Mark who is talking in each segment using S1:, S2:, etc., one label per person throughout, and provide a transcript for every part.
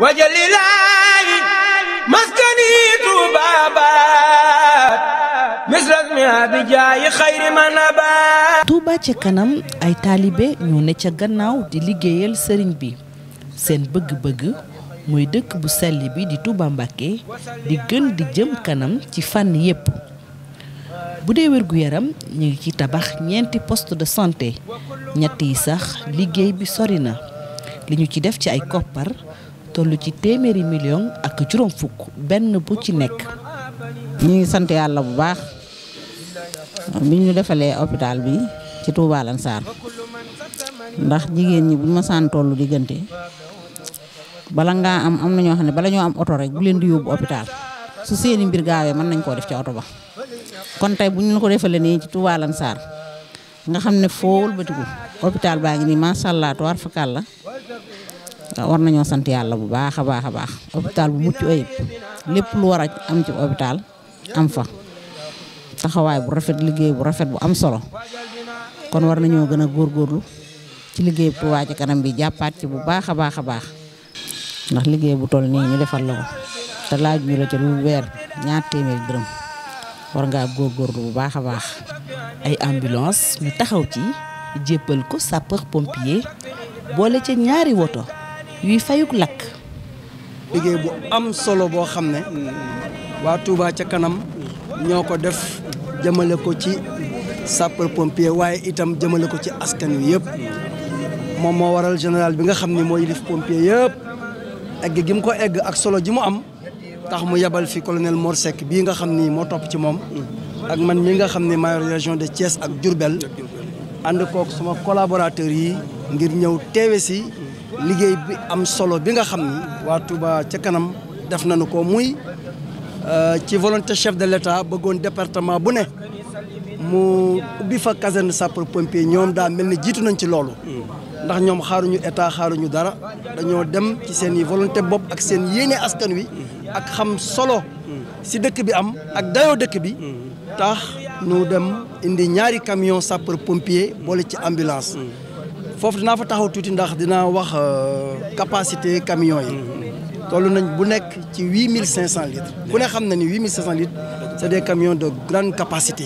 S1: وجللاي مسكني تبابات
S2: Touba ca kanam ay taalibe ñoo ne ca gannaaw di liggéeyal sëriñ bi seen bëgg-bëgg mooy dëkk bu bi di Touba Mbacké di gën di jëm kanam ci fànn yépp bu dee wér-gu-yaram ñu ngi ci tabax ñeenti poste de santé sax liggéey bi sori na ci def ci ay tollu ci téeméeri million ak juroom fukk benn bu ci nekk. ñi ngi sant yàlla bu baax bi ñu defalee hôpital bi ci Touba Lansar ndax jigéen ñi bu ma saan tollu diggante bala ngaa am am na ñoo xam bala ñoo am oto rek bu leen di yóbbu hôpital su seeni mbir gaawee mën nañ koo def ci oto ba kon tey bu ñu ko nii ci Touba Lansar nga xam ne ba wëlbatiku hôpital baa ngi nii macha allah war nañoo sant yàlla bu baax a baax a baax hôpital bu mucc ayib lépp lu war a am ci hôpital am fa taxawaay bu rafet liggéey bu rafet bu am solo kon war nañoo gën a góor góorlu ci liggéey bu Touba Ca Kanam bi jàppaat ci bu baax a baax a baax ndax liggéey bu toll nii ñu defal la ko te laaj ñu la ca lu weer ñaar téeméeri dërëm war ngaa góor góorgóorlu bu baax a baax. ay ambulance ñu taxaw ci jéppal ko sapeur pompier boole ca ñaari woto. yuy fayuk lak
S1: liggéey bu am solo bo xamne wa Touba ca kanam ñoko def jëmele ko ci sapeur pompier waye itam jëmele ko ci askan wi yëpp mom mo waral general bi nga xamne moy lif pompier yëpp egg gi mu ko egg ak solo ji mu am tax mu yabal fi colonel morsek bi nga xam mo top ci mom ak man mi nga xam mayor région de Thiès ak Diourbel ànd kook sama collaborateur yi ngir ñew teewe liggéey bi am solo bi nga xam ni waa Touba ca kanam def nañu ko muy euh, ci volonté chef de l'État bëggoon département bu ne mu ubbi fa caserne sapeur pompier ñoom daa mel ni jiitu nañ ci loolu ndax ñoom xaaruñu état xaaruñu dara dañoo dem ci seen i volonté bopp ak seen yéene askan wi ak xam solo si dëkk bi am ak dayoo dëkk bi tax ñu dem indi ñaari camion sapeur pompier boole ci ambulance foofu dinaa fa taxaw tuuti ndax dinaa wax euh, capacité camion yi. toll nañ bu nekk ci huit mille cinq cent litres. ku ne xam na ni huit mille cinq cent des camions de grande capacité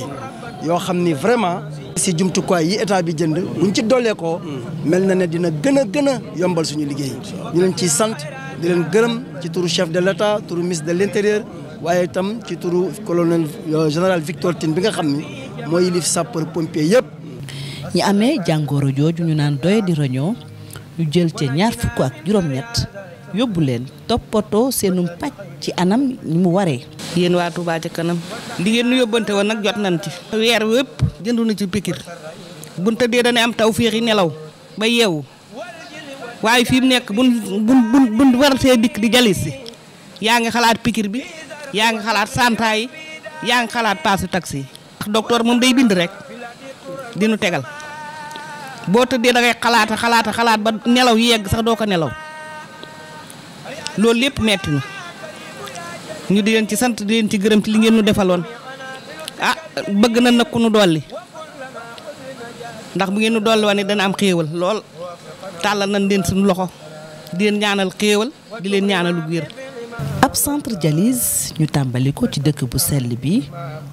S1: yoo xam ni vraiment. si jumtukaay yi état bi jënd. buñ ci doolee ko mel na ne dina gën a gën a yombal suñu liggéey. ñu leen ciy sant di leen gërëm ci turu chef de l' état turu ministre de l' intérieur waaye itam ci turu colonel euh, général Victor Tine bi nga xam ni mooy yilif sapeur pompier yëpp.
S2: ñi amé jangoro joju ñu naan doy di roño ñu jël ci ñaar fukk ak juroom ñet yobbu len topoto senu pacc ci anam ni mu waré yeen wa Touba ci kanam di ngeen nu yobante woon nak jot nañ ci. wër wëpp jëndu na ci pikir bunte de dañ am taw féexi nelaw ba yew way fi mu nekk bun bun bun war sé dik di jalis ya nga xalaat pikir bi ya nga xalaat santay ya nga xalaat passe taxi. docteur mom day bind rek. di nu tegal boo tëddee da ngay xalaata xalaata xalaat ba nelaw yegg sax doo ko nelaw loolu lépp metti na ñu di leen ci sant di leen ci gërëm ci li ngeen nu defaloon a ah, bëgg na nag ku nu dolli ndax bu ngeen nu dolli woon ne dana am xéewal lool tàllal nañ leen suñu loxo di leen ñaanal xéewal di leen ñaanalu wér ab centre dialyse ñu tàmbali ko ci dëkk bu sell bi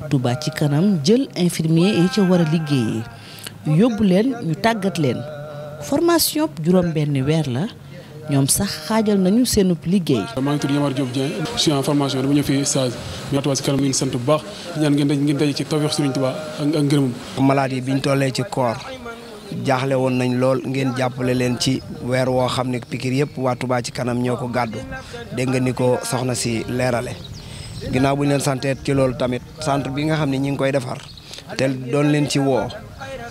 S2: Touba ci kanam jël infirmier yi ca war a liggéeyee yóbbu leen ñu tàggat leen formation juróom benn weer la ñoom sax xaajal nañu seenub
S3: liggéey. maa ngi tudd Yamar Diop formation dama ñëw fii stage ñu Touba ci kanam ngeen sant bu baax ñaan ngeen daj ngeen daj ci tawfeex Sëriñ ak ak ngërëmam. malade yi biñ tollee ci koor jaaxle woon nañ lool ngeen jàppale leen ci weer woo xam ne pikiir yëpp waa tubaa ci kanam ñoo ko gàddu dégg nga ni ko soxna si leerale. ginnaaw bu ñu leen santeet ci loolu tamit centre bi nga xam ne ñi ngi koy defar te doon leen ci woo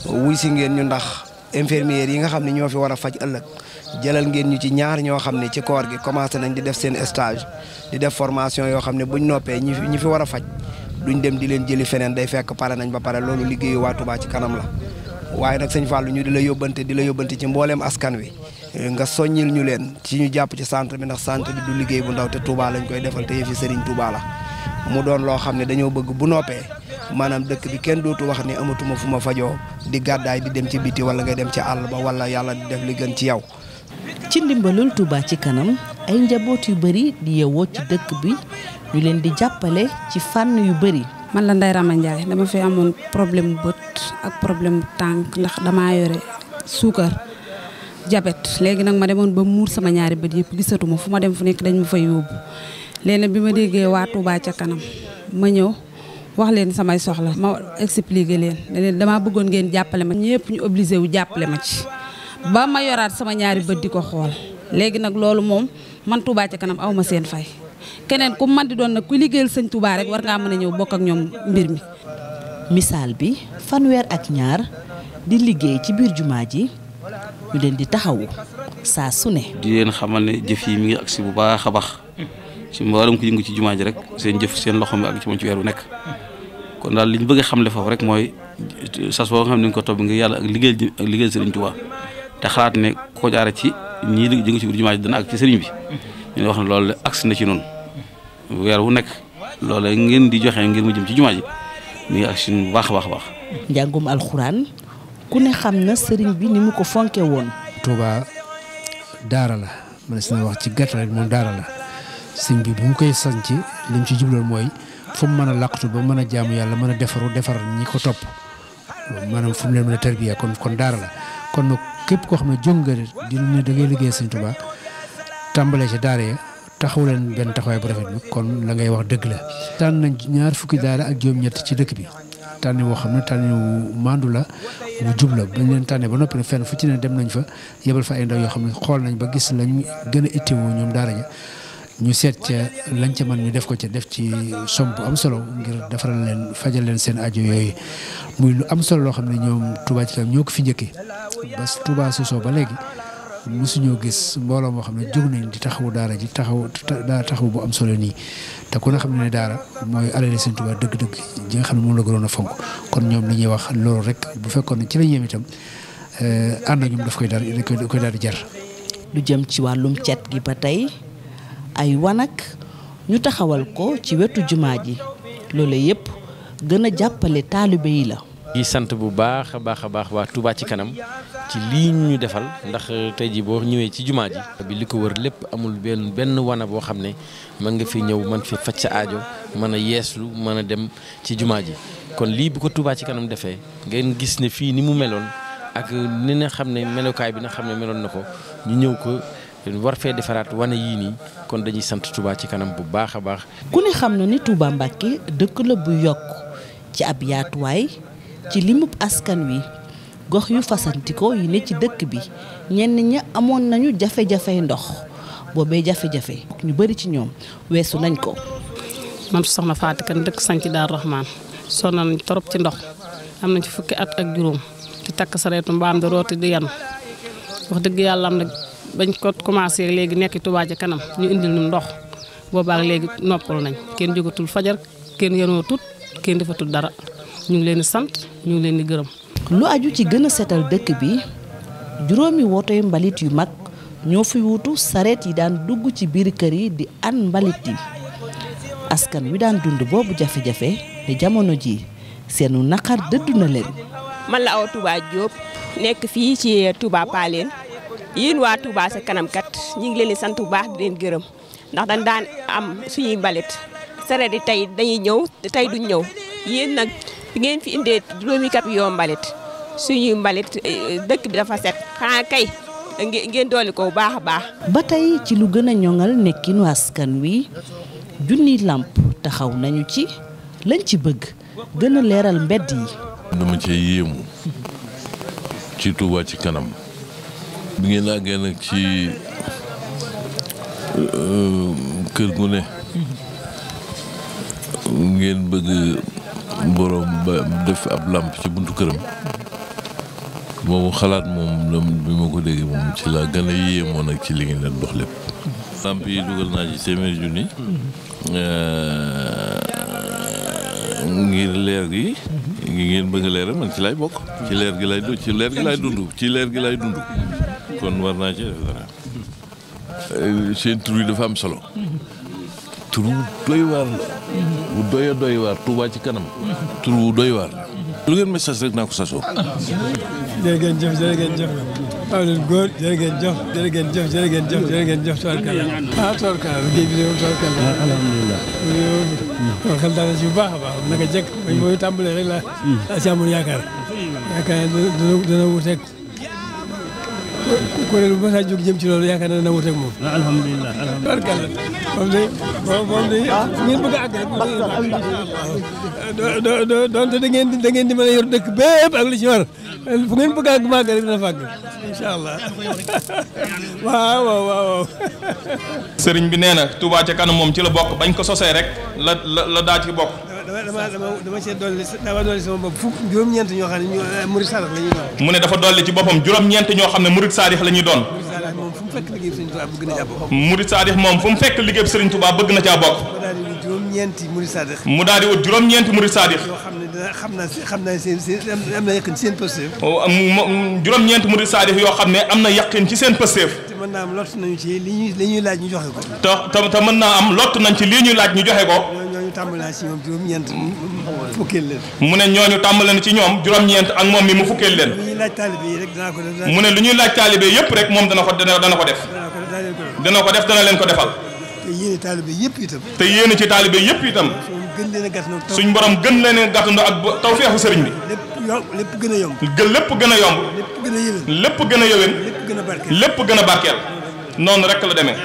S3: wuy si ngeen ñu ndax infirmières yi nga xam ne ñoo fi war a faj ëllëg jëlal ngeen ñu ci ñaar ñoo xam ne ci koor gi commencé nañ di def seen estage di def formation yoo xam ne buñ noppee ñi fi ñi fi war a faj duñ dem di leen jëli feneen day fekk pare nañ ba pare loolu liggéeyu waa Touba ci kanam la waaye nag sëñ Fallou ñu di la yóbbante di la yóbbante ci mbooleem askan wi nga soññil ñu leen ci ñu jàpp ci centre bi ndax centre bi du liggéey bu ndaw te Touba lañ koy defal te yëfi Serigne Touba mu doon loo xam ne dañoo bëgg bu noppee maanaam dëkk bi kenn dootu wax ni amatuma fu ma fajoo di gàddaay di dem ci biti wala ngay dem ci àll ba wala yàlla di def li gën ci yow.
S2: ci ndimbalul Touba ci kanam ay njaboot yu bari di yeewoo ci dëkk bi ñu leen di jàppale ci fànn yu bari man la nday Rama Ndiaye dama fi but, problème problem ak problème tank ndax dama yoré suukar diabète légui nak ma demone ba mour sama ñaari beut yépp gisatuma fuma dem fu nek dañ ma fay yob léna bima déggé wa Touba ca kanam ma ñew wax leen samay soxla ma expliquer leen léne dama damaa ngeen jappalé ma ñëpp ñu obligé wu jappalé ma ci ba ma yoraat sama ñaari beut di xol légui nak lolu mom man Touba ca kanam awma seen fay keneen ku man di doon nag ku liggéeyal sëñ Touba rek war ngaa mën a ñëw bokk ak ñoom mbir mi. misaal bi weer ak ñaar di liggéey ci biir jumaa ji ñu leen di taxawu saa su ne.
S1: di leen xamal ne jëf yi mu ngi agsi bu baax a baax si mboolem ku yëngu ci jumaa ji rek seen jëf seen loxo mi ak ci moom ci weer wu nekk. kon daal li ñu bëgg a xamle foofu rek mooy sas boo xam ne dañ ko topp ngir yàlla ak liggéeyal ji ak liggéeyal Serigne Touba te xalaat ne ko jaare ci ñii di ci biir jumaa ak ci bi ñu wax ne loolu agsi na ci noonu. weer wu nekk loola ngeen di joxe ngir mu jëm ci jumaa ji mi ak suñu baax a baax baax.
S2: njàngum alxuraan ku ne xam na sëriñ bi
S3: ni mu ko fonke woon. Touba daara la man si na wax ci gàtt rek moom daara la sëñ bi bu mu koy sanc li ci jubloon mooy fu mën a laqatu ba mën a jaamu yàlla mën a defaru defar ñi ko topp maanaam fu mu leen mën a tarbiya kon kon daara la kon nag képp koo xam ne jóg nga di ne da ngay liggéey sëñ Touba tàmbalee ci daara ya taxaw leen benn taxawaay bu rafet bi kon la ngay wax dëgg la. tànn nañ ñaar fukki daara ak juróom-ñett ci dëkk bi tànni woo xam ne tànn wu maandu la bu jub la bañ leen tànnee ba noppi ne fenn fu ci ne dem nañ fa yebal fa ay ndaw yoo xam ne xool nañ ba gis lañ gën a itteewoo ñoom daara ja ñu seet ca lañ ca mën ñu def ko ca def ci somb bu am solo ngir defaral leen fajal leen seen aajo yooyu muy lu am solo loo xam ne ñoom tubaa ci kanam ñoo ko fi njëkkee tubaa Touba sosoo ba léegi. musuñoo gis mbooloo moo xam ne jóg nañ di taxawu daara ji taxaw daara taxaw bu am solo nii te ku ne xam ne daara mooy alali Sëñ Tuubaa dëgg-dëgg ji nga xam ne moom la gënoon a fonk kon ñoom li ñuy wax loolu rek bu fekkoon ne ci la yem itam eh, ànd ak ñoom daf koy daal da koy daal di jar. lu jëm ci wàllum cet gi ba tey
S2: ay wanag ñu taxawal ko ci wetu jumaa ji loolu yëpp gën a jàppale taalibe yi la.
S1: di sant bu baax a baax a baax waa Touba ci kanam ci lii ñu defal ndax tey ji boo ñëwee ci jumaa ji bi li ko wër lépp amul benn benn wana boo xam ne mën nga fi ñëw mën fi faj sa aajo mën a yeeslu mën a dem ci jumaa ji kon lii bu ko Touba ci kanam defee ngeen gis ne fii ni mu meloon ak ni xam ne melokaay bi nga xam ne meloon na ko ñu ñëw ko war fee defaraat wana yii nii kon dañuy sant Touba ci kanam bu baax a baax
S2: ku ne xam na ni Touba Mbàkke dëkk la bu yokk ci ab yaatuwaay ci limub askan wi gox yu fasantiko yi ne ci dekk bi ñen ñi amon nañu jafe jafé ndox bobé jafe-jafe ñu bari ci ñom wessu nañ ko man soxna Fatou kan dëkk sanc Daaru Rahman sonn nañ torop ci ndox am ci fukki at ak juroom ci tak saretu mbam de roti di yan wax deug yalla am nak bañ ko commencé légui nekk Touba ca kanam ñu indil ñu ndox boobaak légui noppalu nañ kene jogatul fajar kene yenoo tut kene defatul dara ñu ngi leen sant ñu ngi leen di gërëm. lu aju ci gën a seetal dëkk bi juróomi wootey mbalit yu mag ñoo fi wuutu sareet yi daan dugg ci biir kër yi di an mbalit yi askan wi daan dund boobu jafe-jafe te jamono ji seenu naqar dëddu na leen. man la aw Touba Diop nekk fii ci Touba Paleen yéen waa Touba sa kanam ñu ngi leen di sant bu baax di leen gërëm ndax dañ daan am suñuy mbalit sareet yi tey dañuy ñëw tey duñ ñëw yéen nag bi ngeen fi indee juróomi cap yoo mbalit suñuy mbalit eh, dëkk bi dafa set xanaa kay ngeen dooli ko bu baax a baax. ba tey ci lu gën a ñoŋal nekkinu askan wi junni làmp taxaw nañu ci lañ ci bëgg gën a leeral mbedd yi.
S1: dama cee yéemu ci Touba ci kanam bi ngeen àggee nag ci euh, kër gu ne ngeen bëgg boroom ba def ab làmp ci buntu këram boobu xalaat moom bi ma ko déggee moom ci laa gën a yéemoon ak ci li ngeen leen lépp làmp yi dugal naa ci téeméeri junni ngir leer gi ngi ngeen bëgg leeral man ci lay bokk ci leer gi lay dund ci leer gi lay dund ci leer gi lay dund kon war naa ci def dara seen dafa am solo tur wu doy waar la doy doy waar Touba ci kanam tur wu doy waar la lu ngeen message rek naa ko sasoo
S3: jërë ngeen jëf jërë ngeen jëf
S1: waaw leen góor jërë gen jëf jërë ngeen jëf jërë ngeen jëf jërë ngeen jëf tubaarkalla ah tubaarkalla liggéey bi moom tubaarkalla ah, alhamdulilah loolu xel baax a baax naka jëkk mooy tàmbalee rek la si amoon yaakaar yaakaar dana wuteeg kuréel bu mën a jóg jëm ci loolu yaakaar naa ne wut ak ah ngeen bëgg a do do donte da ngeen di da ngeen di mën war fu ngeen bëgg a àgg màgg rek dina fàgg incha allah waaw waaw waaw. sëriñ bi nee na Touba ko dama dama dama cee dolli dama sama bopp fukk juróom-ñeent ñoo xam ne ñu eh, saadix la doon. mu saadix moom fu mu fekk liggéeyub Serigne Touba bëgg na caa bokk. mu daal wut juróom-ñeenti murid saadix yoo xam ne juróom-ñeenti murid saadix yoo xam ne am na yaqin ci seen pësteef te mën naa am lott nañu ci li ñuy laaj ñu joxe ko te te mën naa am lott nañ ci lii ñuy laaj ñu joxe ko tàmbalaa ci ñoom juróom-ñeent fukkeel leen mu ne ñooñu tàmbalan ci ñoom juróom-ñeent ak moom mi mu fukkeel leen lu ñuy laaj taalibe yi rek dana ko def mu ne lu ñuy laaj taalibe yëpp rek moom dana ko dana ko def dana ko leen ko defal te yéene taalibe yëpp itam a gàttandoo suñ borom gën leen a gàttandoo ak tawfeexu sëriñ bi lépp gën a yomb lépp gën a yomb lépp gën a barkeel noonu rek la demee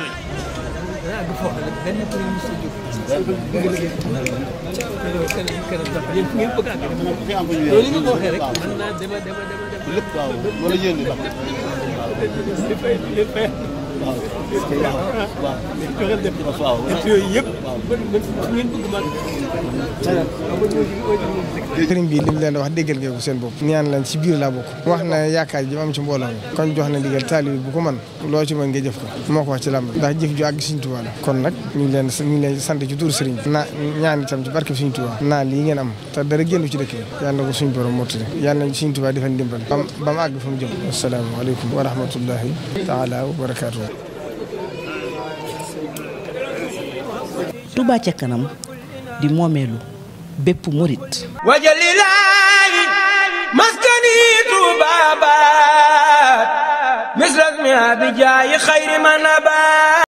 S1: lépp waaw loolu yéen la waaw est-ce que waaw waaw. wax déggal ngeen bopp. ñaan lañ ci biir laa bokk. wax na yaakaar ji am ci mbooloo mi. kon jox na digal taalibe bu ko man loo ci mën nga jëf ko. moo ko wax ci làmb ndax jëf ju àgg Sëriñ Tuubaa kon nag ñu ngi leen ñu ngi sant ci turu sëriñ na naa ñaan itam ci barke Sëriñ Tuubaa. naa lii ngeen am te dara génn ci dëkk yi. yàlla na ko suñu borom mottali. yàlla na Sëriñ Tuubaa defal ndimbal. ba mu àgg fa mu jëm. asalaamaaleykum wa rahmatullahi taala wa
S2: Touba kanam di moomeelu bépp murit
S1: wajalilaayi maskani Touba misras mi abijaayi xayri ma nabaat